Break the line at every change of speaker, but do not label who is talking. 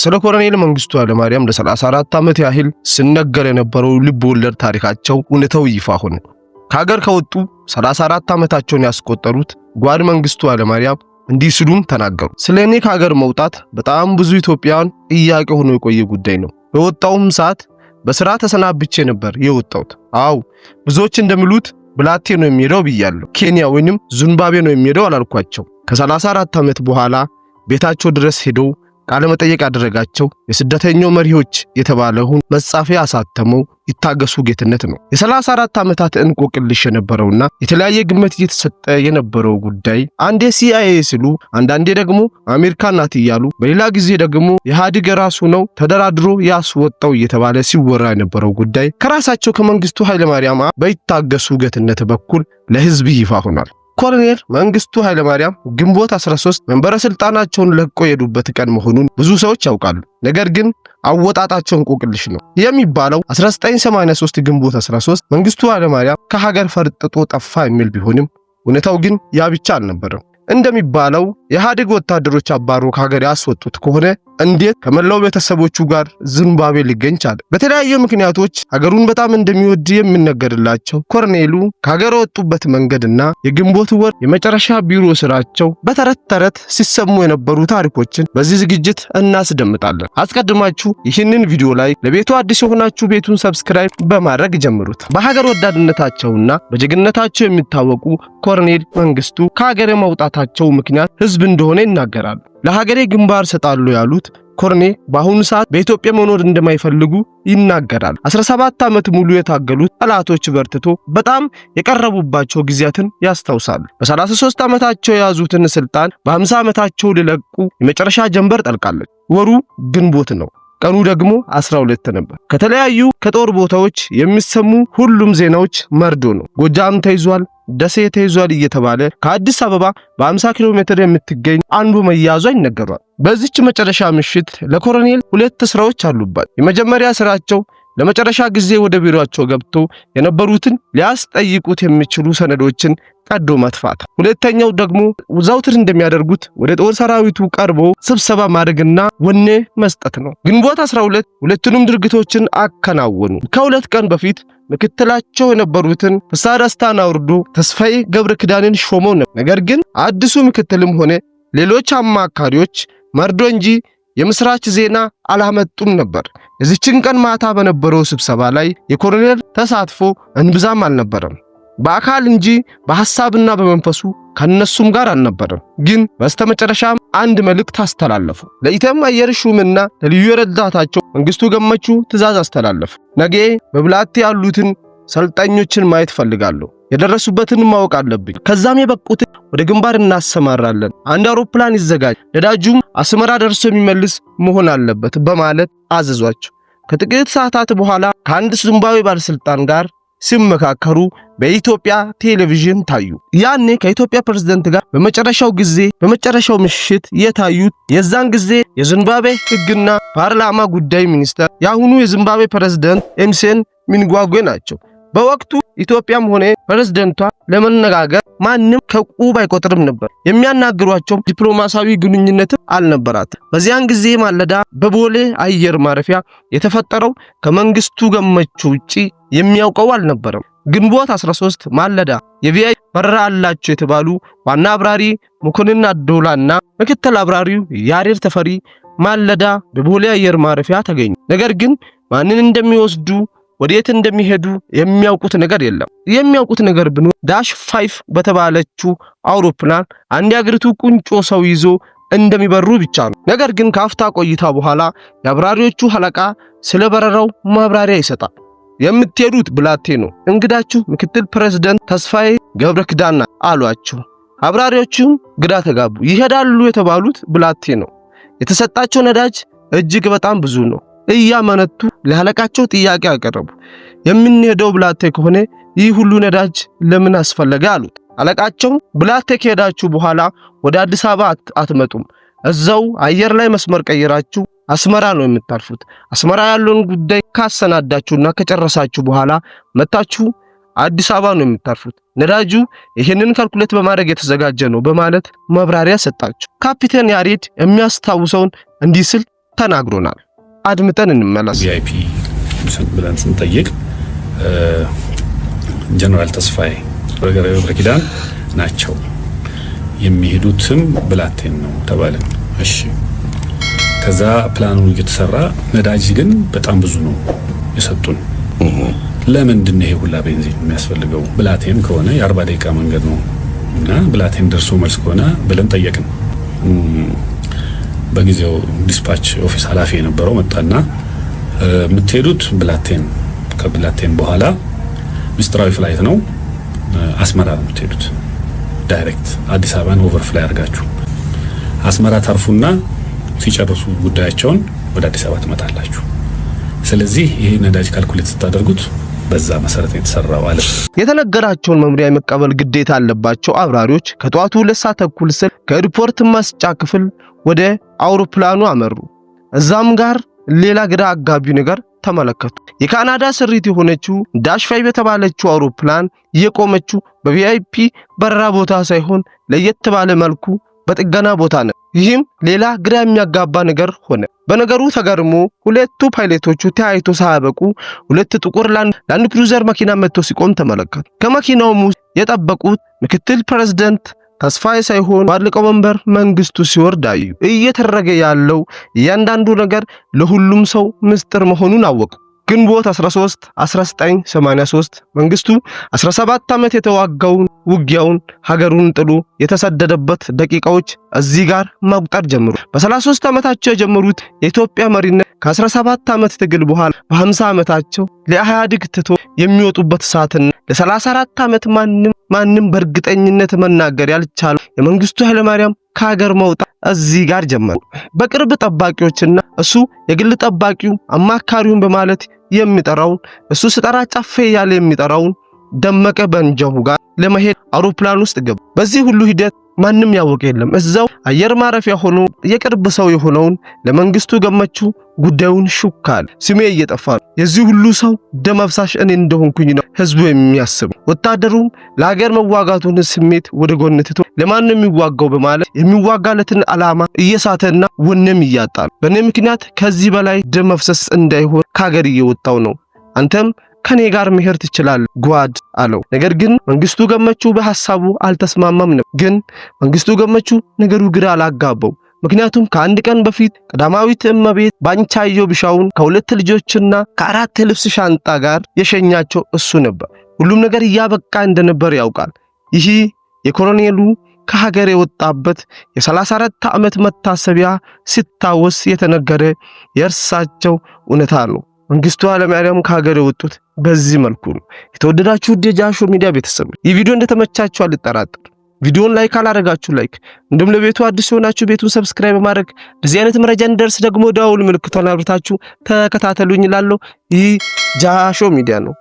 ስለ ኮሎኔል መንግስቱ ኃይለማርያም ለ34 ዓመት ያህል ሲነገር የነበረው ልብ ወለድ ታሪካቸው እውነታው ይፋ ሆነ። ከሀገር ከወጡ 34 ዓመታቸውን ያስቆጠሩት ጓድ መንግስቱ ኃይለማርያም እንዲህ ሲሉም ተናገሩ። ስለ እኔ ከሀገር መውጣት በጣም ብዙ ኢትዮጵያውያን ጥያቄ ሆኖ የቆየ ጉዳይ ነው። በወጣውም ሰዓት በስራ ተሰናብቼ ነበር የወጣሁት። አው ብዙዎች እንደሚሉት ብላቴ ነው የሚሄደው ብያለሁ። ኬንያ ወይንም ዙንባቤ ነው የሚሄደው አላልኳቸው። ከ34 ዓመት በኋላ ቤታቸው ድረስ ሄደው ቃለመጠየቅ ያደረጋቸው የስደተኛው መሪዎች የተባለውን መጻፊያ አሳተመው ይታገሱ ጌትነት ነው። የ34 ዓመታት እንቆቅልሽ የነበረውና የተለያየ ግምት እየተሰጠ የነበረው ጉዳይ አንዴ ሲአይኤ ሲሉ፣ አንዳንዴ ደግሞ አሜሪካ ናት እያሉ፣ በሌላ ጊዜ ደግሞ ኢህአዲግ ራሱ ነው ተደራድሮ ያስወጣው እየተባለ ሲወራ የነበረው ጉዳይ ከራሳቸው ከመንግስቱ ኃይለማርያም በይታገሱ ጌትነት በኩል ለህዝብ ይፋ ሆኗል። ኮሎኔል መንግስቱ ኃይለማርያም ግንቦት 13 መንበረ ስልጣናቸውን ለቆ የሄዱበት ቀን መሆኑን ብዙ ሰዎች ያውቃሉ። ነገር ግን አወጣጣቸው እንቆቅልሽ ነው የሚባለው 1983 ግንቦት 13 መንግስቱ ኃይለማርያም ከሀገር ፈርጥጦ ጠፋ የሚል ቢሆንም እውነታው ግን ያ ብቻ አልነበረም። እንደሚባለው የኢህአዴግ ወታደሮች አባሮ ከሀገር ያስወጡት ከሆነ እንዴት ከመላው ቤተሰቦቹ ጋር ዝምባብዌ ሊገኝ ቻለ? በተለያዩ ምክንያቶች ሀገሩን በጣም እንደሚወድ የሚነገርላቸው ኮርኔሉ ከሀገር ወጡበት መንገድና የግንቦት ወር የመጨረሻ ቢሮ ስራቸው በተረት ተረት ሲሰሙ የነበሩ ታሪኮችን በዚህ ዝግጅት እናስደምጣለን። አስቀድማችሁ ይህንን ቪዲዮ ላይ ለቤቱ አዲስ የሆናችሁ ቤቱን ሰብስክራይብ በማድረግ ጀምሩት። በሀገር ወዳድነታቸውና በጀግንነታቸው የሚታወቁ ኮርኔል መንግስቱ ከሀገር የማውጣት መነሳታቸው ምክንያት ህዝብ እንደሆነ ይናገራሉ። ለሀገሬ ግንባር ሰጣሉ ያሉት ኮርኔ በአሁኑ ሰዓት በኢትዮጵያ መኖር እንደማይፈልጉ ይናገራል። 17 ዓመት ሙሉ የታገሉት ጠላቶች በርትቶ በጣም የቀረቡባቸው ጊዜያትን ያስታውሳሉ። በ33 ዓመታቸው የያዙትን ስልጣን በ50 ዓመታቸው ሊለቁ የመጨረሻ ጀንበር ጠልቃለች። ወሩ ግንቦት ነው። ቀኑ ደግሞ 12 ነበር። ከተለያዩ ከጦር ቦታዎች የሚሰሙ ሁሉም ዜናዎች መርዶ ነው። ጎጃም ተይዟል። ደሴ ተይዟል እየተባለ ከአዲስ አበባ በ50 ኪሎ ሜትር የምትገኝ አንዱ መያዟ ይነገሯል። በዚች መጨረሻ ምሽት ለኮሎኔል ሁለት ስራዎች አሉባት። የመጀመሪያ ስራቸው ለመጨረሻ ጊዜ ወደ ቢሮቸው ገብቶ የነበሩትን ሊያስጠይቁት የሚችሉ ሰነዶችን ቀዶ መጥፋት ሁለተኛው ደግሞ ዘውትር እንደሚያደርጉት ወደ ጦር ሰራዊቱ ቀርቦ ስብሰባ ማድረግና ወኔ መስጠት ነው። ግንቦት 12 ሁለቱንም ድርጊቶችን አከናወኑ። ከሁለት ቀን በፊት ምክትላቸው የነበሩትን ፍስሐ ደስታን አውርዶ ተስፋዬ ገብረ ኪዳንን ሾመው ነበር። ነገር ግን አዲሱ ምክትልም ሆነ ሌሎች አማካሪዎች መርዶ እንጂ የምስራች ዜና አላመጡም ነበር። እዚችን ቀን ማታ በነበረው ስብሰባ ላይ የኮሎኔል ተሳትፎ እንብዛም አልነበረም። በአካል እንጂ በሐሳብና በመንፈሱ ከነሱም ጋር አልነበረም። ግን በስተመጨረሻም አንድ መልእክት አስተላለፉ። ለኢተም አየር ሹምና ለልዩ ረዳታቸው መንግስቱ ገመቹ ትእዛዝ አስተላለፉ። ነገ በብላቴ ያሉትን ሰልጣኞችን ማየት ፈልጋለሁ። የደረሱበትን ማወቅ አለብኝ። ከዛም የበቁትን ወደ ግንባር እናሰማራለን። አንድ አውሮፕላን ይዘጋጅ፣ ነዳጁም አስመራ ደርሶ የሚመልስ መሆን አለበት በማለት አዘዟቸው። ከጥቂት ሰዓታት በኋላ ከአንድ ዝምባብዌ ባለስልጣን ጋር ሲመካከሩ በኢትዮጵያ ቴሌቪዥን ታዩ። ያኔ ከኢትዮጵያ ፕሬዝዳንት ጋር በመጨረሻው ጊዜ በመጨረሻው ምሽት የታዩት የዛን ጊዜ የዚምባብዌ ሕግና ፓርላማ ጉዳይ ሚኒስተር የአሁኑ የዚምባብዌ ፕሬዝዳንት ኤምሴን ሚንጓጎ ናቸው። በወቅቱ ኢትዮጵያም ሆነ ፕሬዝዳንቷ ለመነጋገር ማንም ከቁብ አይቆጥርም ነበር። የሚያናግሯቸውም ዲፕሎማሲያዊ ግንኙነትም አልነበራት። በዚያን ጊዜ ማለዳ በቦሌ አየር ማረፊያ የተፈጠረው ከመንግስቱ ገመቹ ውጪ የሚያውቀው አልነበረም። ግንቦት 13 ማለዳ የቪአይ በረራ አላቸው የተባሉ ዋና አብራሪ መኮንን አዶላና ምክትል አብራሪው ያሬድ ተፈሪ ማለዳ በቦሌ አየር ማረፊያ ተገኙ። ነገር ግን ማንን እንደሚወስዱ ወዴት እንደሚሄዱ የሚያውቁት ነገር የለም። የሚያውቁት ነገር ቢኖር ዳሽ ፋይፍ በተባለችው አውሮፕላን አንድ የአገሪቱ ቁንጮ ሰው ይዞ እንደሚበሩ ብቻ ነው። ነገር ግን ከአፍታ ቆይታ በኋላ የአብራሪዎቹ አለቃ ስለ በረራው ማብራሪያ ይሰጣል። የምትሄዱት ብላቴ ነው እንግዳችሁ ምክትል ፕሬዝደንት ተስፋዬ ገብረ ኪዳን አሏቸው። አብራሪዎቹም ግራ ተጋቡ። ይሄዳሉ የተባሉት ብላቴ ነው። የተሰጣቸው ነዳጅ እጅግ በጣም ብዙ ነው። እያመነቱ ለአለቃቸው ጥያቄ አቀረቡ። የምንሄደው ብላቴ ከሆነ ይህ ሁሉ ነዳጅ ለምን አስፈለገ? አሉት። አለቃቸው ብላቴ ከሄዳችሁ በኋላ ወደ አዲስ አበባ አትመጡም እዛው አየር ላይ መስመር ቀይራችሁ አስመራ ነው የምታልፉት። አስመራ ያለውን ጉዳይ ካሰናዳችሁና ከጨረሳችሁ በኋላ መታችሁ አዲስ አበባ ነው የምታርፉት። ነዳጁ ይህንን ካልኩሌት በማድረግ የተዘጋጀ ነው በማለት መብራሪያ ሰጣችሁ። ካፒቴን ያሬድ የሚያስታውሰውን እንዲህ ስል ተናግሮናል። አድምጠን እንመለስ።
ቪአይፒ ብለን ስንጠይቅ ጀነራል ተስፋዬ ገብረኪዳን ናቸው የሚሄዱትም ብላቴን ነው ተባለ። እሺ ከዛ ፕላኑ እየተሰራ ነዳጅ ግን በጣም ብዙ ነው የሰጡን። ለምንድን ነው ይሄ ሁላ ቤንዚን የሚያስፈልገው? ብላቴን ከሆነ የአርባ ደቂቃ መንገድ ነው እና ብላቴን ደርሶ መልስ ከሆነ ብለን ጠየቅን። በጊዜው ዲስፓች ኦፊስ ኃላፊ የነበረው መጣና የምትሄዱት ብላቴን ከብላቴን በኋላ ሚስጥራዊ ፍላይት ነው አስመራ ነው የምትሄዱት ዳይሬክት አዲስ አበባን ኦቨርፍላይ አድርጋችሁ አስመራ ታርፉና ሲጨርሱ ጉዳያቸውን ወደ አዲስ አበባ ትመጣላችሁ። ስለዚህ ይህ ነዳጅ ካልኩሌት ስታደርጉት በዛ መሰረት የተሰራው አለ።
የተነገራቸውን መምሪያ የመቀበል ግዴታ አለባቸው። አብራሪዎች ከጠዋቱ ሁለት ሰዓት ተኩል ስል ከሪፖርት መስጫ ክፍል ወደ አውሮፕላኑ አመሩ። እዛም ጋር ሌላ ግራ አጋቢ ነገር ተመለከቱ። የካናዳ ስሪት የሆነችው ዳሽ ፋይ በተባለችው አውሮፕላን የቆመችው በቪአይፒ በረራ ቦታ ሳይሆን ለየት ባለ መልኩ በጥገና ቦታ ነው። ይህም ሌላ ግራ የሚያጋባ ነገር ሆነ። በነገሩ ተገርሞ ሁለቱ ፓይለቶቹ ተያይቶ ሳያበቁ ሁለት ጥቁር ላንድ ክሩዘር መኪና መጥቶ ሲቆም ተመለከቱ። ከመኪናውም ውስጥ የጠበቁት ምክትል ፕሬዝደንት ተስፋዬ ሳይሆን ባለቀው መንበር መንግስቱ ሲወርድ አዩ። እየተደረገ ያለው እያንዳንዱ ነገር ለሁሉም ሰው ምስጢር መሆኑን አወቁ። ግንቦት 13 1983 መንግስቱ 17 ዓመት የተዋጋውን ውጊያውን ሀገሩን ጥሎ የተሰደደበት ደቂቃዎች እዚህ ጋር መቁጠር ጀምሩ። በ33 ዓመታቸው የጀመሩት የኢትዮጵያ መሪነት ከ17 ዓመት ትግል በኋላ በ50 ዓመታቸው ለኢህአዴግ ትቶ የሚወጡበት ሰዓትና ለ34 ዓመት ማንም ማንም በእርግጠኝነት መናገር ያልቻሉ የመንግስቱ ኃይለማርያም ከሀገር መውጣት እዚህ ጋር ጀመሩ። በቅርብ ጠባቂዎችና እሱ የግል ጠባቂው አማካሪውን በማለት የሚጠራውን እሱ ስጠራ ጫፌ እያለ የሚጠራውን ደመቀ በንጀሁ ጋር ለመሄድ አውሮፕላን ውስጥ ገባ። በዚህ ሁሉ ሂደት ማንም ያወቀ የለም። እዛው አየር ማረፊያ ሆኖ የቅርብ ሰው የሆነውን ለመንግስቱ ገመቹ ጉዳዩን ሹካል ስሜ እየጠፋ ነው። የዚህ ሁሉ ሰው ደም አፍሳሽ እኔ እንደሆንኩኝ ነው ህዝቡ የሚያስበው። ወታደሩም ለሀገር መዋጋቱን ስሜት ወደ ጎን ትቶ ለማን ነው የሚዋጋው በማለት የሚዋጋለትን ዓላማ እየሳተና ወኔም ነው። በእኔ ምክንያት ከዚህ በላይ ደም መፍሰስ እንዳይሆን ከሀገር እየወጣው ነው። አንተም ከኔ ጋር መሄድ ትችላል ጓድ አለው። ነገር ግን መንግስቱ ገመቹ በሐሳቡ አልተስማማም ነው። ግን መንግስቱ ገመቹ ነገሩ ግራ አላጋባው። ምክንያቱም ከአንድ ቀን በፊት ቀዳማዊት እመቤት ባንቻየሁ ቢሻውን ከሁለት ልጆችና ከአራት የልብስ ሻንጣ ጋር የሸኛቸው እሱ ነበር። ሁሉም ነገር እያበቃ እንደነበር ያውቃል። ይህ የኮሎኔሉ ከሀገር የወጣበት የ34 ዓመት መታሰቢያ ሲታወስ የተነገረ የእርሳቸው እውነታ ነው። መንግስቱ ኃይለማርያም ከሀገር የወጡት በዚህ መልኩ ነው። የተወደዳችሁ ውድ የጃሾ ሚዲያ ቤተሰብ ይህ ቪዲዮ እንደተመቻችሁ አልጠራጥር። ቪዲዮን ላይክ አላደረጋችሁ ላይክ፣ እንዲሁም ለቤቱ አዲስ የሆናችሁ ቤቱን ሰብስክራይብ ማድረግ በዚህ አይነት መረጃ እንደርስ ደግሞ ደወል ምልክቷን አብርታችሁ ተከታተሉኝ እላለሁ። ይህ ጃሾ ሚዲያ ነው።